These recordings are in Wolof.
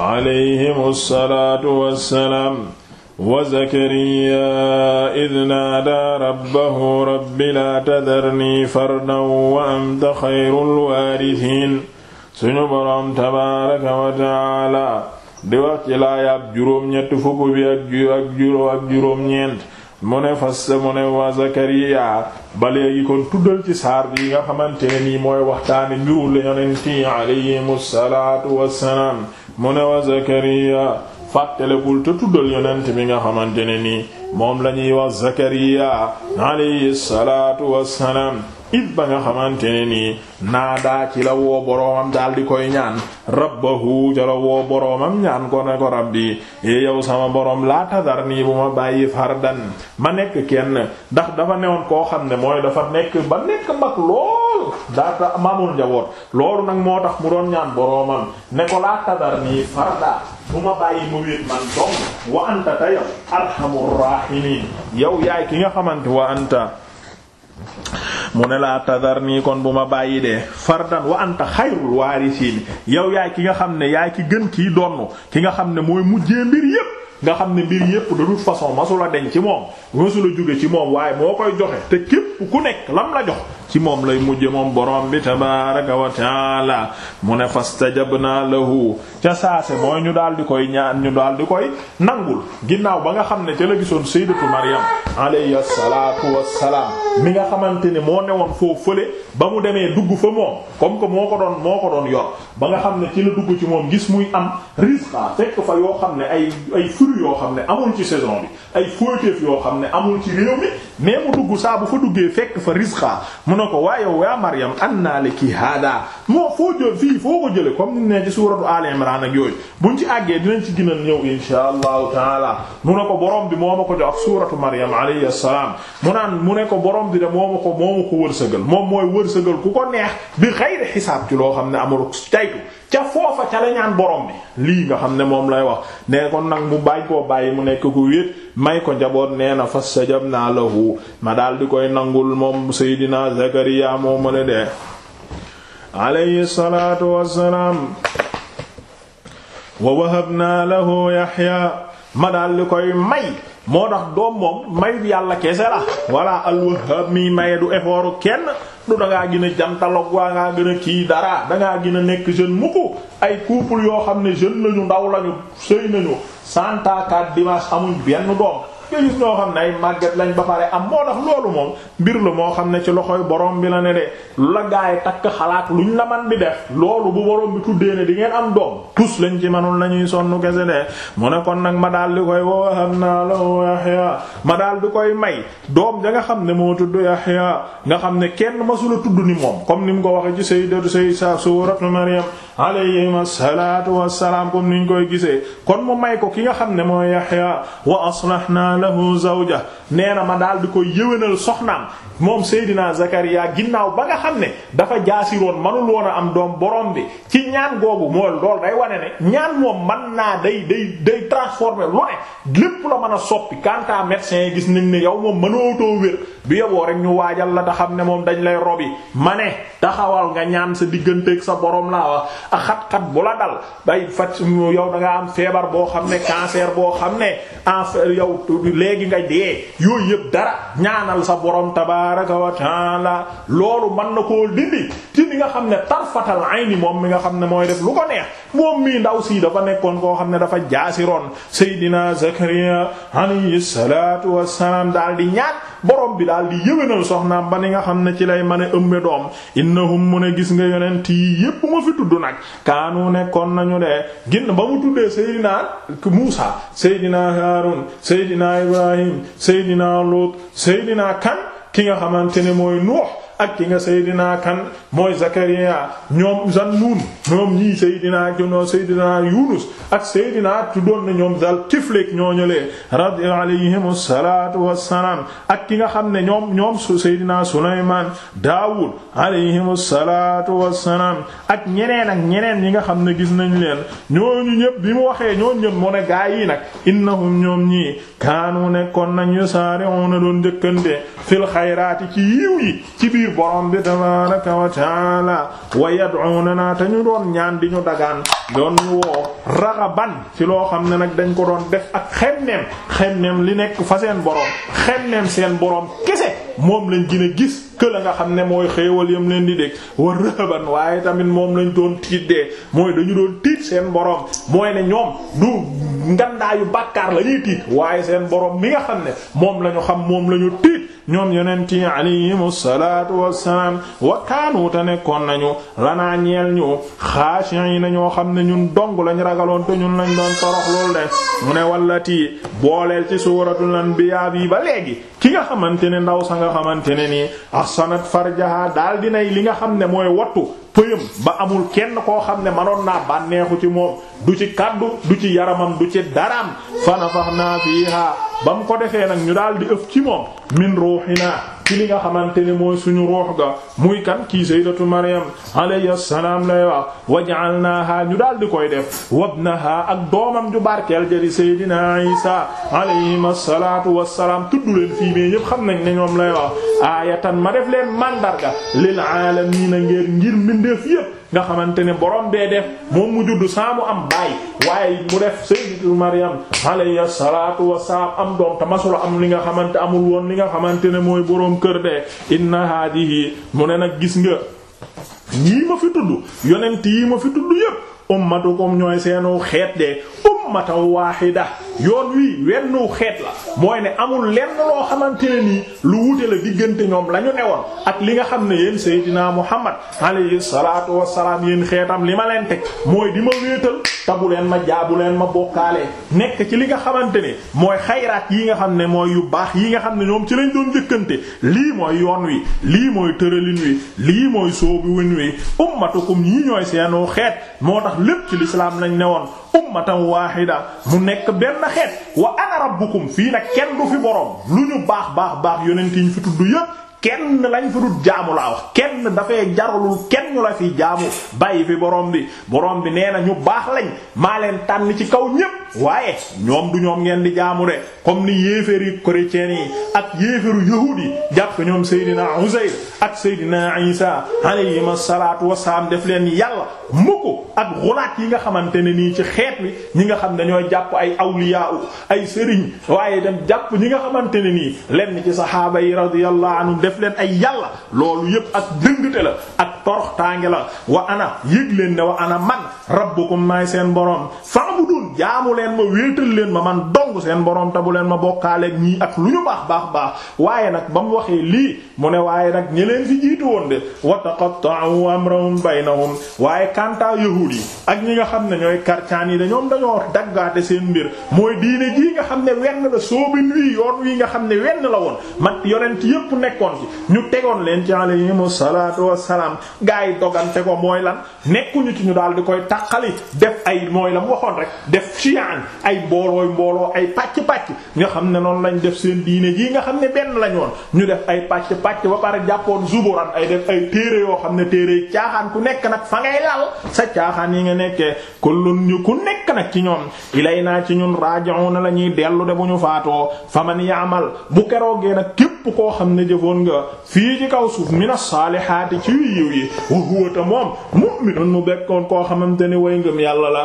alayhimu salaatu wassalaam wa zakariyaa id naadaa rabbahu rabbi laa tadarnii fardan wa anta xayrul waarisiin suñu boroom tabaaraka di wax ci laayaab juróom-ñett fukk bi ak juróom ak juróom-ñeent mu wa Zakariya ba kon tuddal ci saar bi nga xamante ne nii mooy waxtaane mbiru yonent yi alayhimu salaatu wassalaam mu ne wa Zakariya fàttalekul te tuddal yonent mi nga xamante ne nii moom la ñuy wax Zakariya alayhi salaatu wassalaam it ba nga xamante ne nii naadaa ci la woo boroomam daal di koy ñaan rabbahu ca woo boroomam ñaan ko ne ko rabbi yow sama boroom laa tadar nii bu ma bàyyi fardan ma nekk kenn ndax dafa newoon koo xam ne mooy dafa nekk ba nekk mag lool loolu daata maamul njaboot loolu nag moo tax mu doon ñaan boroomam ne ko laa tadar nii farda bu ma bàyyi mu wéet man dong wa anta ta yow arhamur raahimiin yow yaay ki nga xamante wa anta mu ne laa tadar kon bu ma bàyyi dee fardan wa anta xayrul waarisiin yow yaay ki nga xam ne yaay ki gën kii donn ki nga xam ne mooy mujjee mbir yépp nga xam ne mbir yépp de toute façon masula deñ ci moom masula jóge ci moom waaye moo koy joxe te képp ku nekk lam la jox ci moom lay mujje moom borom bi tabaaraka wa taala mu ne fastajabna lahu ca saase mooy ñu daal di koy ñaan ñu daal di koy nangul ginnaaw ba nga xam ne ca la gisoon sayyidatu Maryam alayhi salaatu wassalaam mi nga xamante ne moo newoon foofu fële ba mu demee dugg fa moom comme que moo ko doon moo ko doon yor ba xam ne ci la dugg ci moom gis muy am risqa fekk fa yoo xam ne ay ay yoo xam ne amul ci saison bi ay fóoteef yoo xam ne amul ci réew mi mais mu dugg saa bu fa duggee fekk fa risqa ne ko waaye yaa Maryam anna laki hada moo foo jël fii foo ko jële comme ni ne ci suuratu Al Imran ak yooyu buñ ci àggee dinañ ci gën a ñëw taala mu ne ko borom bi moo ma ko jox ak suuratu Maryam alayhi salaam mu naan borom bi de moo ma ko moo ma moom mooy wërsëgal ku ko neex bi xayri xisaab ci loo xam ne amul taytu ca foofa ca la ñaan borom bi lii nga xam ne moom lay wax nee ko nag mu bàyyi koo bàyyi mu nekk ku wéet may ko njaboot nee na fastajabna lahu ma dal di koy nangul moom Seydina Zakariya moo ma la dee alayhi salaatu wassalaam wa wahabna lahu Yahya ma daal di koy may moo tax doom moom mayu yàlla kese la walla al-Wahhab mi du effort kenn du dangaa gën a jantaloog waa ngaa gën kii dara dangaa gën a nekk jeune mu ay couple yoo xam ne jeune lañu ndaw lañu sëy nañu santaakaat dimanche amuñ benn doom nga gis ñoo xam ne ay màgget lañ ba pare am moo tax loolu moom mbir la moo xam ne ci loxoy borom bi la ne de lu la gaay takk xalaat luñ la man bi def loolu bu borom bi tuddee ne di ngeen am doom tus lañ ci manul nañuy sonn kese de mu ne kon nag ma daal di koy wahab naa lahu Yahya ma daal di koy may doom da nga xam ne moo tudd Yahya nga xam ne kenn masula tudd ni moom comme ni mu ko waxee ci sayyidatu say sa suratu Maryam alayhim assalatu wassalaam ko ki lahu zawja nee na ma daal di koy yëwénal soxnaam moom Seydina Zakariya ginnaaw ba nga xam ne dafa jaasiroon manul woon a am doom borom bi ci ñaan googu mooy lool day wane ne ñaan moom man naa day day day transformer lu ne lépp la mën a soppi quant à gis nañ ne yow moom mënootoo wér bi yoboo rek ñu waajal la te xam ne moom dañ lay robi ma ne taxawal nga ñaan sa digganteeg sa boroom laa wa ak xat-xat bu la dal bay faj yow da nga am feebar boo xam ne cancer boo xam ne en yow léegi nga dee yooyu yëpp dara ñaanal sa borom tabaraka wa taala loolu man na koo dindi ci li nga xam ne tarfatal ayni moom mi nga xam ne mooy def lu ko neex moom mii ndaw si dafa nekkoon koo xam ne dafa jaasiroon Seydina Zakariya alayhi salaatu wassalaam di ñaan borom bi daal di yëwénal soxnaam ba ni nga xam ne ci lay mën a ëmme doom na innahum mu a gis nga yonent yi yépp ma fi tudd nag kaanu nekkoon nañu de ginn ba mu tuddee Seydina Muusa Seydina Haarun Seydina Ibrahim Seydina Lut Seydina kan ki nga xamante ne mooy Nuux ak ki nga Seydina kan mooy Zakariya ñoom Zannun ñoom ñii Seydina junoo Seydina Yunus ak Seydina tuddoon na ñoom dal Kiflik ñooñu lee radi alayhim salaatu wassalaam ak ki nga xam ne ñoom ñoom su Seydina Sulaymaan Daawud alayhim salaatu wassalaam ak ñeneen ak ñeneen yi nga xam ne gis nañ leen ñooñu ñëpp bi mu waxee ñooñu ñëpp moo ne gaa yi nag innahum ñoom ñii kaanu nekkoon nañ yusaari'uuna doon njëkkante fil xayraati ci yiw yi lii borom bi tabaraka wa taala wa yad'unana te ñu doon ñaan di ñu dagaan doon ñu woo raxaban ci loo xam ne nag dañ ko doon def ak xemneem xemneem li nekk fa seen borom xemneem seen borom kese moom lañ gën a gis que la nga xam ne mooy xéewal yam leen di dégg war rëban waaye tamit moom lañu doon tiit dee mooy dañu doon tiit seen boroom mooy ne ñoom du ngandaayu bàkkaar la ñuy tiit waaye seen borom mi nga xam ne moom la ñu xam moom la ñu tiit ñoom yeneen yonent yi alayhimu salaatu wassalaam wa kaanu te nekkoon nañu lanaa ñeel ñu xaashiin nañoo xam ne ñun dong lañu ragaloon te ñun lañ doon torox lool de mu ne wallati booleel ci suuratul anbiyaa bi ba léegi ki nga xamante ne nii ahsanat farjaha daal dinay li nga xam ne mooy wattu pëyam ba amul kenn koo xam ne manoon naa bànneexu ci moom du ci kaddu du ci yaramam du ci daraam fanafax naa fiiha ba mu ko defee nag ñu daal di ëf ci moom min ruuxinaa ci li nga xamante ne mooy suñu ruux ga muy kan kii sayyidatu Maryam alayhi salaam lay wa waj'alnaaha ñu daal di koy def wabnaha ak doomam ju barkeel ja di sayyidina Isa alayhim assalaatu wassalaam tudd leen fii mais ñëpp xam nañ ne ñoom lay wax aayatan ma def leen mandarga lil aalamiina ngir ngir mbindeef yépp nga xamante ne borom bee def moom mu juddu saa mu am baay waaye mu def sayyidatu Maryam alayhi salaatu wasalaam am doom te masula am li nga xamante amul woon li nga xamante ne mooy boroom kër de inna haadihi mu ne nag gis nga yii ma fi tudd yonent yii ma fi tudd yépp ummatukum ñooy seenu xeet de ummatan waahida yoon wii wennu xeet la mooy ne amul lenn loo xamante ne nii lu wute la diggante ñoom lañu ñu newoon ak li nga xam ne yéen Seydina Muhammad alayhi salaatu wassalaam yéen xeetam li ma leen teg mooy di ma wéetal tabu leen ma jaabu leen ma bokkaale nekk ci li nga xamante ne mooy xayraat yi nga xam ne mooy yu baax yi nga xam ne ñoom ci lañ doon njëkkante lii mooy yoon wi lii mooy tëralin wi lii mooy soobu win wi ummatukum yi ñooy seenu xeet moo tax lépp ci lislaam lañ newoon nekk xeet wa ana rabbukum fii nag kenn du fi borom lu ñu baax baax baax yonent yi ñu fi tudd yépp kenn lañ fi dut jaamu laa wax kenn dafay jaralul kenn ñu la fi jaamu bàyyi fi boroom bi boroom bi nee na ñu baax lañ maa leen tànn ci kaw ñépp waaye ñoom du ñoom ngeen di jaamu de comme ni yéeféeri chrétiens yi ak yéeféeru yahuud yi jàpp ñoom Seydina Uzayr ak Seydina Isa alayhim asalaatu wasalaam def leen yàlla mukk ak xulaat yi nga xamante ne nii ci xeet wi ñi nga xam dañoo jàpp ay awliya ay sëriñ waaye dem jàpp ñi nga xamante ne nii lenn ci saxaaba yi radiyallahu anhum def leen ay yàlla loolu yépp ak dëngte la ak toroxtaange la ana yëg leen ne wa ana man rabbukum maay seen boroom fa'budun jaamu leen ma wéetal leen ma man dong seen borom ta bu leen ma bokkaaleek ñii ak lu ñu baax baax baax waaye nag ba mu waxee lii mu ne waaye nag ñi leen fi jiitu woon de wa taqatta'u amrahum baynahum waaye kanta yahuud yi ak ñi nga xam ne ñooy karcaan yi dañoom dañoo daggaate seen mbir mooy diine jii nga xam ne wenn la soobin wii yoon wii nga xam ne wenn la woon mat yonent yépp nekkoon ci ñu tegoon leen ci alayhimu salaatu wassalaam gaa yi dogante ko mooy lan nekkuñu ci ñu daal di koy taqali def ay mooy la mu waxoon rek def chian ay mboolooy mbooloo ay pàcc-pàcc nga xam ne noonu lañ def seen diine jii nga xam ne benn lañ woon ñu def ay pàcc-pàcc ba pare jàppoon zuburan ay def ay téere yoo xam ne téere caaxaan ku nekk nag fa ngay lal sa caaxaan yi nga nekkee kullun ñu ku nekk nag ci ñoom naa ci ñun raji'una la ñuy dellu de bu ñu faatoo faman ya'mal bu keroogee nag képp koo xam ne jëfoon nga fii ci kaw suuf mina saalihaati ci yiw yi wa huwa ta moom mu bekkoon koo xamante ne way yàlla la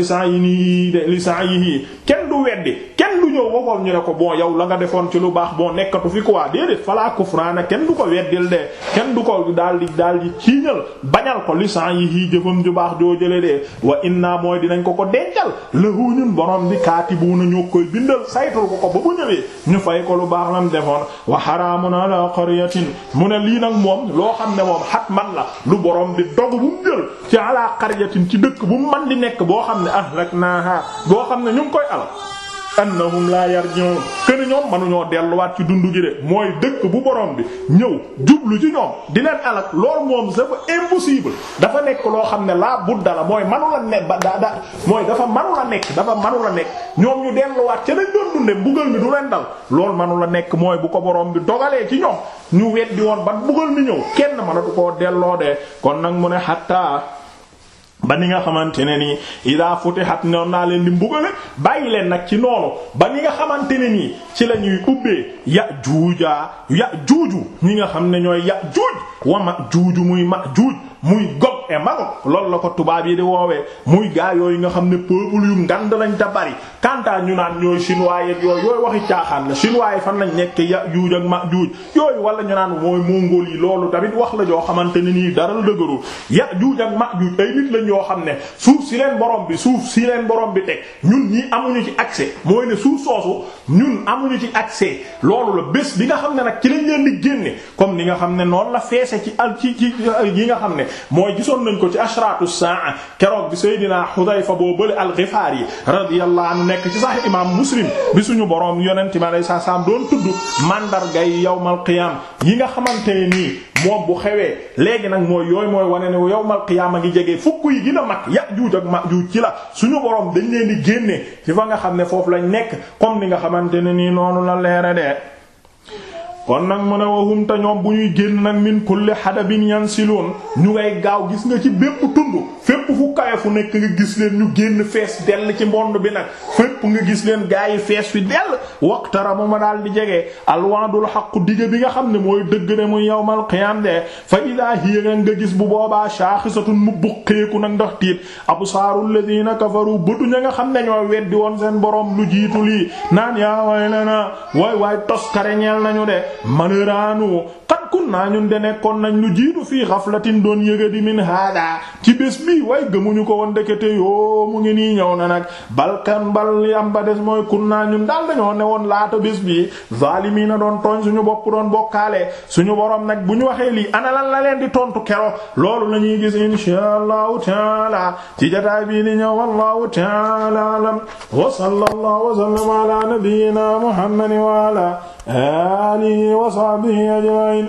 li sa'yihi li sa'yihi kenn ñëw weddi kenn du ñëw waxoon ñu ne ko bon yow la nga defoon ci lu baax bon nekkatu fi quoi déedéet falaa kufraana kenn du ko weddil de kenn du ko daal di daal di ciiñal bañal ko lisan yi yii jëfam ju baax joo jële de wa inna mooy dinañ ko ko dencal lahu ñun borom bi kaatibuuna ñoo koy bindal saytul ko ko ba bu ñëwee ñu fay ko lu baax lam defoon wa haraamun ala qaryatin mu ne lii nag moom loo xam ne moom xat man la lu borom bi dog bu mu jël ci ala qaryatin ci dëkk nekk boo xam ne ahlaknaaha boo xam ne ñu ngi koy annahum laa yarji'un kën ñoom manuñoo delluwaat ci dund gi de mooy dëkk bu boroom bi ñëw jublu ci ñoom di leen alak loolu moom c'est impossible dafa nekk loo xam ne laa budda la mooy manu la ne ba da da mooy dafa manu la nekk dafa manu la nekk ñoom ñu delluwaat ca dañ doon dunde mbugal mi du leen dal loolu manu la nekk mooy bu ko borom bi dogalee ci ñoom ñu weddi woon ba mbugal mi ñëw kenn mënatu koo delloo de kon nag mu ne hatta ba ni nga xamante ne nii ida futihat noonu naa leen di mbugale bàyyi leen nag ci noonu ba ni nga xamante ne nii ci la ñuy ubbee ya juuja ya juuju ñi nga xam ne ñooy ya juuj wa ma juuju muy ma juuj muy gob et Maroc loolu la ko tubaab yi di woowee muy gaa yooyu nga xam ne peuple yu ngand lañ te bari kantaa ñu naan ñooy chinois yooyu yooyu caaxaan la chinois yi fan lañ nekk ya juuj ak ma juuj yooyu wala ñu naan mooy mongol yi loolu tamit wax la joo xamante ne nii dara la dëgëru ya juuj ak ma ay nit lañ yoo xam ne suuf si leen borom bi suuf si leen borom bi teg ñun ñii amuñu ci accès mooy ne suuf soosu ñun amuñu ci accès loolu la bés bi nga xam ne nag ci lañ leen di génne ni nga xam ne la feese ci al ci ci yi nga gisoon nañ ko ci ashratu saa keroog bi Seydina Xudayfa boo bële al-Xifaar yi radiyallahu anhu nekk ci sax imaam Muslim bi suñu boroom yonent mi sa salaam doon tudd mandarga yi yawmal qiyaam yi nga xamante ne nii moom bu xewee léegi nag mooy yooyu mooy wane ne yawmal qiyaama ngi jege fukk yi gën a mag Yaajuuj ak ma Maajuuj ci la suñu boroom dañ leen di génne ci fa nga xam ne foofu lañ nekk comme ni nga xamante ne nii noonu la leere de kon nag mu ne waxum te ñoom bu ñuy génn nag min kulli hadabin yansiluun ñu ngay gaaw gis nga ci bépp tund fépp fu fu nekk nga gis leen ñu génn fees dell ci mbond bi nag yépp nga gis leen gaa yi fees fi dell waqtaraba ma daal di jege alwaadul xaqu dige bi nga xam ne mooy dëgg ne mu yawmal qiyaam de fa idaa hiya nga gis bu boobaa shaaxisatun mu buqeeku nag ndox tiit absaarul ladiina kafaru bëtu ña nga xam ne ñoo weddi woon seen borom lu jiitu lii naan yaa way lana way way tos kare ñeel nañu de malheur kunna ñun de nekkoon nañ lu jiitu fii xaflatin doon yëgadi min hada ci bés bi way gëmuñu ko woon ndekete yoo mu ngi nii ñëw na nag balkan bal li ba des mooy kunna ñun daal dañoo ne woon laata bés bi zaalimiina doon tooñ suñu bopp doon bokkaale suñu borom nag bu ñu waxee lii ana lan la leen di tontu kero loolu la ñuy gis inshaa allahu taala ci jotaay bii ni ñëw wallahu taala alam wa sallallahu wa sallama ala nabiyyina muhammadin wa ala alihi wa sahbihi ajma'in